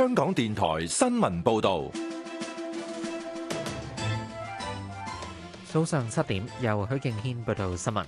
香港電台新聞報道，早上七點由許敬軒報道新聞。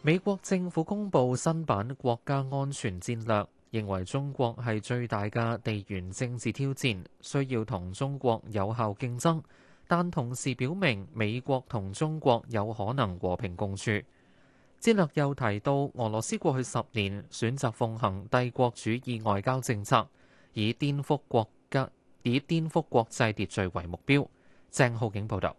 美國政府公布新版國家安全戰略，認為中國係最大嘅地緣政治挑戰，需要同中國有效競爭，但同時表明美國同中國有可能和平共處。戰略又提到俄羅斯過去十年選擇奉行帝國主義外交政策。以顛覆國家，以顛覆國際秩序為目標，鄭浩景報道。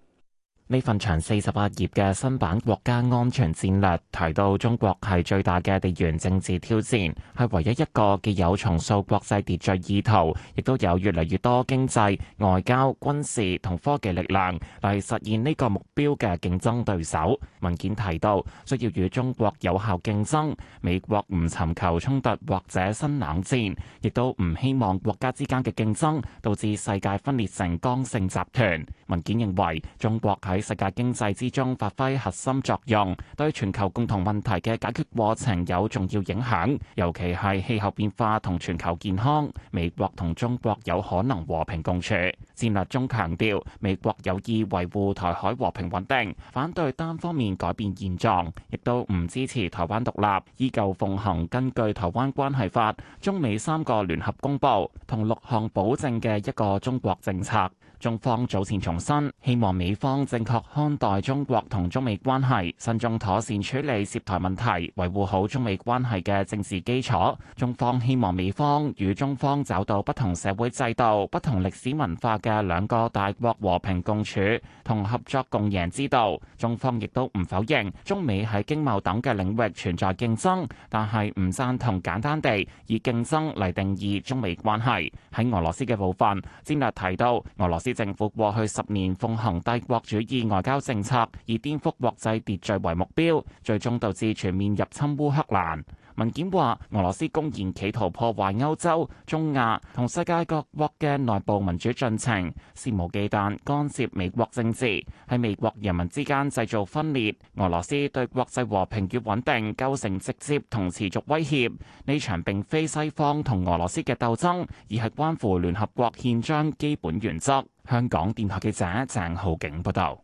呢份長四十八頁嘅新版國家安全戰略提到，中國係最大嘅地緣政治挑戰，係唯一一個既有重塑國際秩序意圖，亦都有越嚟越多經濟、外交、軍事同科技力量嚟實現呢個目標嘅競爭對手。文件提到，需要與中國有效競爭，美國唔尋求衝突或者新冷戰，亦都唔希望國家之間嘅競爭導致世界分裂成剛性集團。文件認為，中國係世界經濟之中發揮核心作用，對全球共同問題嘅解決過程有重要影響，尤其係氣候變化同全球健康。美國同中國有可能和平共處。戰略中強調，美國有意維護台海和平穩定，反對單方面改變現狀，亦都唔支持台灣獨立，依舊奉行根據台灣關係法，中美三個聯合公報同六項保證嘅一個中國政策。中方早前重申，希望美方正確看待中國同中美關係，慎重妥善處理涉台問題，維護好中美關係嘅政治基礎，中方希望美方與中方找到不同社會制度、不同歷史文化嘅兩個大國和平共處同合作共贏之道。中方亦都唔否認中美喺經貿等嘅領域存在競爭，但係唔贊同簡單地以競爭嚟定義中美關係。喺俄羅斯嘅部分，尖鋭提到俄羅斯，政府過去十年奉行帝國主義外交政策，以顛覆國際秩序為目標，最終導致全面入侵烏克蘭。文件話：俄羅斯公然企圖破壞歐洲、中亞同世界各國嘅內部民主進程，肆無忌憚干涉美國政治，喺美國人民之間製造分裂。俄羅斯對國際和平與穩定構成直接同持續威脅。呢場並非西方同俄羅斯嘅鬥爭，而係關乎聯合國憲章基本原則。香港電台記者鄭浩景報道。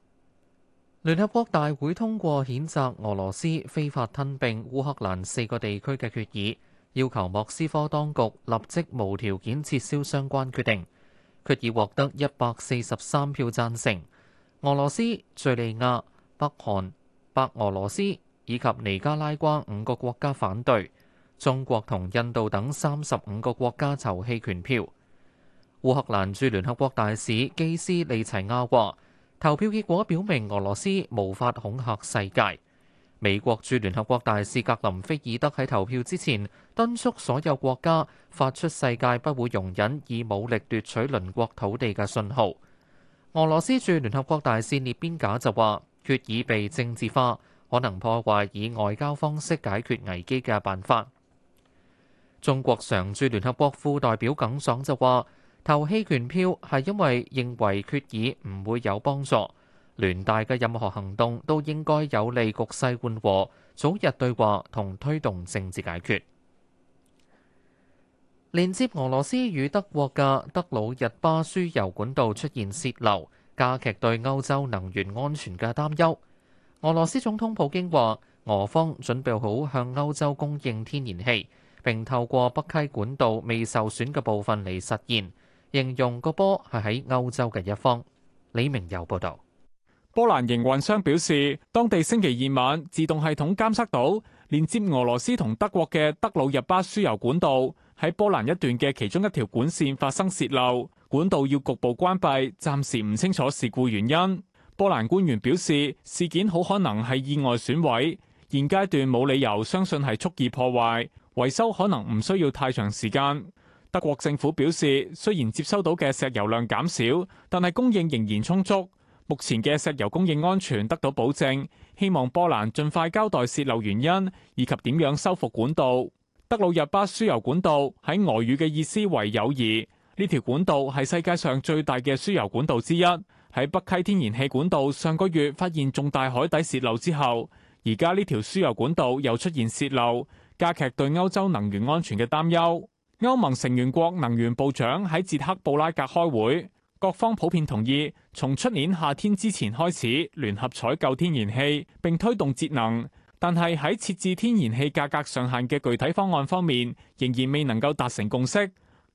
聯合國大會通過譴責俄羅斯非法吞併烏克蘭四個地區嘅決議，要求莫斯科當局立即無條件撤銷相關決定。決議獲得一百四十三票贊成，俄羅斯、敘利亞、北韓、白俄羅斯以及尼加拉瓜五個國家反對，中國同印度等三十五個國家投棄權票。烏克蘭駐聯合國大使基斯利齊亞話。投票結果表明，俄羅斯無法恐嚇世界。美國駐聯合國大使格林菲爾德喺投票之前敦促所有國家發出世界不會容忍以武力奪取鄰國土地嘅信號。俄羅斯駐聯合國大使列邊賈就話，決議被政治化，可能破壞以外交方式解決危機嘅辦法。中國常駐聯合國副代表耿爽就話。投棄權票係因為認為決議唔會有幫助，聯大嘅任何行動都應該有利局勢緩和、早日對話同推動政治解決。連接俄羅斯與德國嘅德魯日巴輸油管道出現洩漏，加劇對歐洲能源安全嘅擔憂。俄羅斯總統普京話：俄方準備好向歐洲供應天然氣，並透過北溪管道未受損嘅部分嚟實現。形容個波係喺歐洲嘅一方。李明又報道。波蘭營運商表示，當地星期二晚自動系統監測到連接俄羅斯同德國嘅德魯日巴輸油管道喺波蘭一段嘅其中一條管綫發生泄漏，管道要局部關閉，暫時唔清楚事故原因。波蘭官員表示，事件好可能係意外損毀，現階段冇理由相信係蓄意破壞，維修可能唔需要太長時間。德國政府表示，雖然接收到嘅石油量減少，但係供應仍然充足。目前嘅石油供應安全得到保證。希望波蘭盡快交代泄漏原因，以及點樣修復管道。德魯日巴輸油管道喺俄語嘅意思為友誼。呢條管道係世界上最大嘅輸油管道之一。喺北溪天然氣管道上個月發現重大海底泄漏之後，而家呢條輸油管道又出現泄漏，加劇對歐洲能源安全嘅擔憂。歐盟成員國能源部長喺捷克布拉格開會，各方普遍同意從出年夏天之前開始聯合採購天然氣，並推動節能。但係喺設置天然氣價格上限嘅具體方案方面，仍然未能夠達成共識。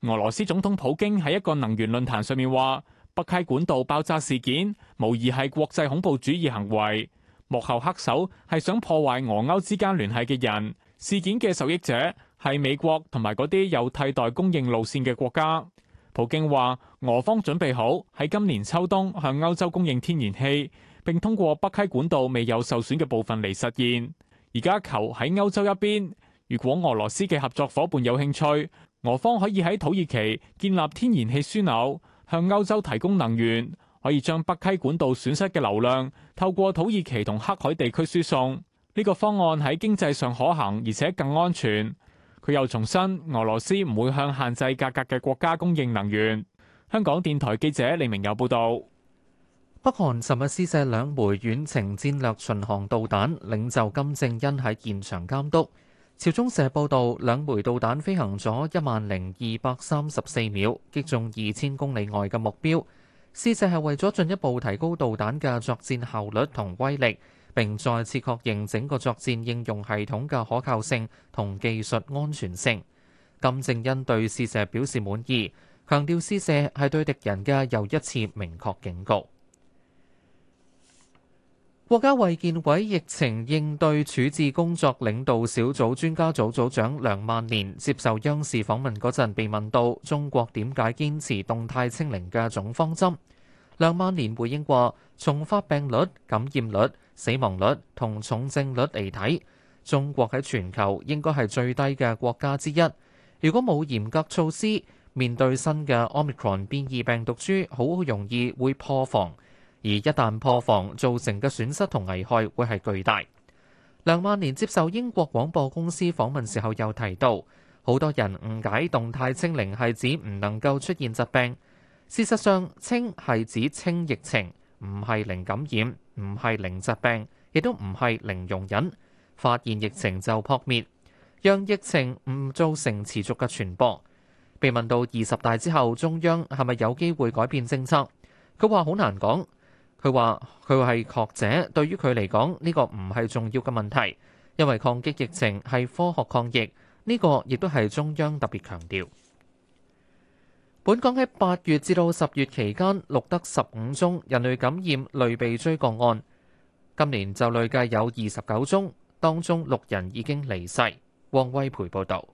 俄羅斯總統普京喺一個能源論壇上面話，北溪管道爆炸事件無疑係國際恐怖主義行為，幕後黑手係想破壞俄歐之間聯繫嘅人，事件嘅受益者，係美國同埋嗰啲有替代供應路線嘅國家。普京話：俄方準備好喺今年秋冬向歐洲供應天然氣，並通過北溪管道未有受損嘅部分嚟實現。而家球喺歐洲一邊，如果俄羅斯嘅合作伙伴有興趣，俄方可以喺土耳其建立天然氣樞紐，向歐洲提供能源。可以將北溪管道損失嘅流量透過土耳其同黑海地區輸送。呢個方案喺經濟上可行，而且更安全。佢又重申，俄羅斯唔會向限制價格嘅國家供應能源。香港電台記者李明友報導，北韓尋日試射兩枚遠程戰略巡航導彈，領袖金正恩喺現場監督。朝中社報道，兩枚導彈飛行咗一萬零二百三十四秒，擊中二千公里外嘅目標。試射係為咗進一步提高導彈嘅作戰效率同威力。並再次確認整個作戰應用系統嘅可靠性同技術安全性。金正恩對試射表示滿意，強調試射係對敵人嘅又一次明確警告。國家衛健委疫情應對處置工作領導小組專家組組長梁萬年接受央視訪問嗰陣，被問到中國點解堅持動態清零嘅總方針，梁萬年回應話：從發病率、感染率、死亡率同重症率嚟睇，中國喺全球應該係最低嘅國家之一。如果冇嚴格措施，面對新嘅 omicron 變異病毒株，好容易會破防。而一旦破防，造成嘅損失同危害會係巨大。梁萬年接受英國廣播公司訪問時候又提到，好多人誤解動態清零係指唔能夠出現疾病，事實上清係指清疫情，唔係零感染。唔係零疾病，亦都唔係零容忍。發現疫情就撲滅，讓疫情唔造成持續嘅傳播。被問到二十大之後，中央係咪有機會改變政策？佢話好難講。佢話佢係學者，對於佢嚟講呢個唔係重要嘅問題，因為抗擊疫情係科學抗疫呢個，亦都係中央特別強調。本港喺八月至到十月期間錄得十五宗人類感染類鼻疽個案，今年就累計有二十九宗，當中六人已經離世。汪威培報導。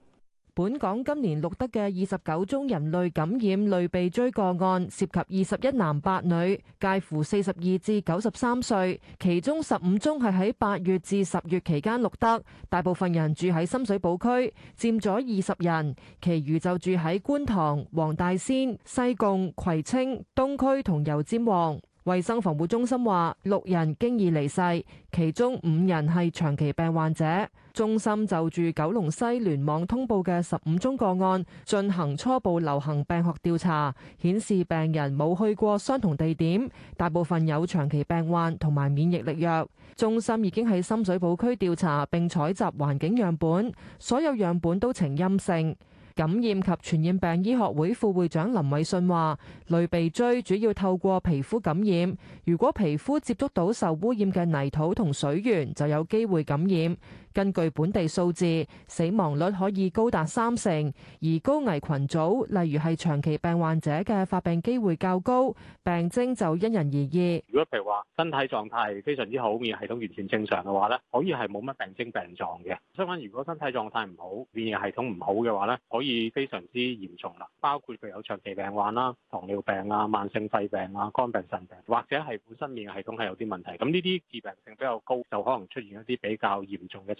本港今年錄得嘅二十九宗人類感染類鼻疽個案，涉及二十一男八女，介乎四十二至九十三歲，其中十五宗係喺八月至十月期間錄得，大部分人住喺深水埗區，佔咗二十人，其餘就住喺觀塘、黃大仙、西貢、葵青、東區同油尖旺。衛生防護中心話六人經已離世，其中五人係長期病患者。中心就住九龍西聯網通報嘅十五宗個案進行初步流行病學調查，顯示病人冇去過相同地點，大部分有長期病患同埋免疫力弱。中心已經喺深水埗區調查並採集環境樣本，所有樣本都呈陰性。感染及傳染病醫學會副會長林偉信話，類鼻疽主要透過皮膚感染，如果皮膚接觸到受污染嘅泥土同水源，就有機會感染。根據本地數字，死亡率可以高達三成，而高危群組，例如係長期病患者嘅發病機會較高，病徵就因人而異。如果譬如話身體狀態非常之好，免疫系統完全正常嘅話呢，可以係冇乜病徵病狀嘅。相反，如果身體狀態唔好，免疫系統唔好嘅話呢，可以非常之嚴重啦。包括佢有長期病患啦、糖尿病啊、慢性肺病啊、肝病、腎病，或者係本身免疫系統係有啲問題，咁呢啲致病性比較高，就可能出現一啲比較嚴重嘅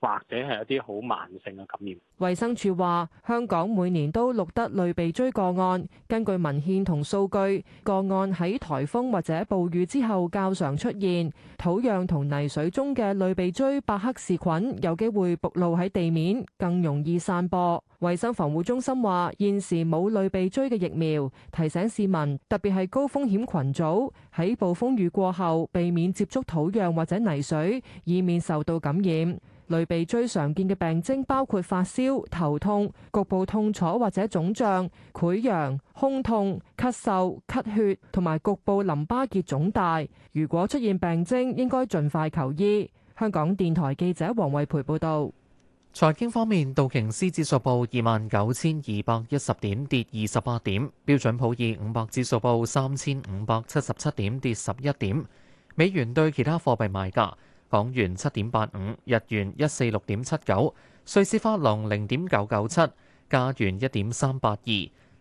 或者係一啲好慢性嘅感染。衛生署話：香港每年都錄得類鼻疽個案，根據文獻同數據，個案喺颱風或者暴雨之後較常出現。土壤同泥水中嘅類鼻疽伯克氏菌有機會暴露喺地面，更容易散播。衞生防護中心話：現時冇類鼻疽嘅疫苗，提醒市民特別係高風險群組喺暴風雨過後避免接觸土壤或者泥水，以免受到感染。類鼻疽最常見嘅病徵包括發燒、頭痛、局部痛楚或者腫脹、潰瘍、胸痛、咳嗽、咳血同埋局部淋巴結腫大。如果出現病徵，應該盡快求醫。香港電台記者黃慧培報導。財經方面，道瓊斯指數報二萬九千二百一十點，跌二十八點；標準普爾五百指數報三千五百七十七點，跌十一點。美元對其他貨幣買價。港元七點八五，日元一四六點七九，瑞士法郎零點九九七，加元一點三八二，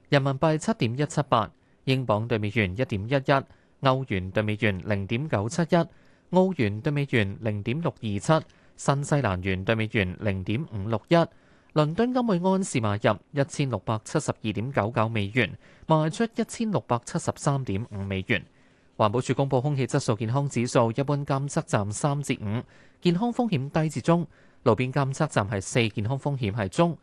人民幣七點一七八，英鎊對美元一點一一，歐元對美元零點九七一，澳元對美元零點六二七，新西蘭元對美元零點五六一。倫敦金每安士買入一千六百七十二點九九美元，賣出一千六百七十三點五美元。環保署公佈空氣質素健康指數，一般監測站三至五，健康風險低至中；路邊監測站係四，健康風險係中。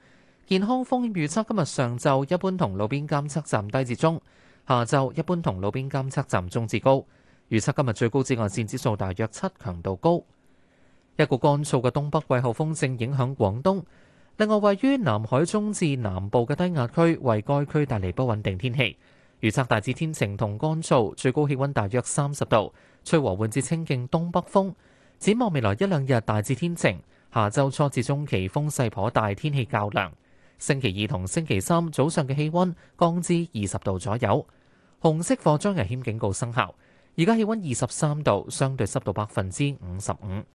健康風險預測今日上晝一般同路邊監測站低至中，下晝一般同路邊監測站中至高。預測今日最高紫外線指數大約七，強度高。一股乾燥嘅東北季候風正影響廣東，另外位於南海中至南部嘅低壓區為該區帶嚟不穩定天氣。預測大致天晴同乾燥，最高氣溫大約三十度，吹和緩至清勁東北風。展望未來一兩日大致天晴，下周初至中期風勢頗大，天氣較涼。星期二同星期三早上嘅氣溫降至二十度左右。紅色火災危險警告生效，而家氣溫二十三度，相對濕度百分之五十五。